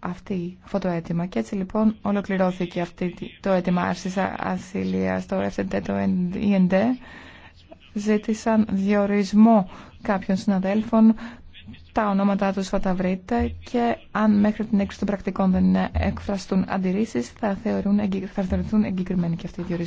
αυτή, αυτό το αίτημα και έτσι λοιπόν ολοκληρώθηκε αυτή, το αίτημα άρσης ασύλια το FTT, το END ζήτησαν διορισμό κάποιων συναδέλφων τα ονόματά τους θα τα βρείτε και αν μέχρι την έξοδο των πρακτικών δεν εκφραστούν αντιρρήσεις θα, θεωρούν, θα θεωρηθούν εγκεκριμένοι και αυτοί οι διορισμοί.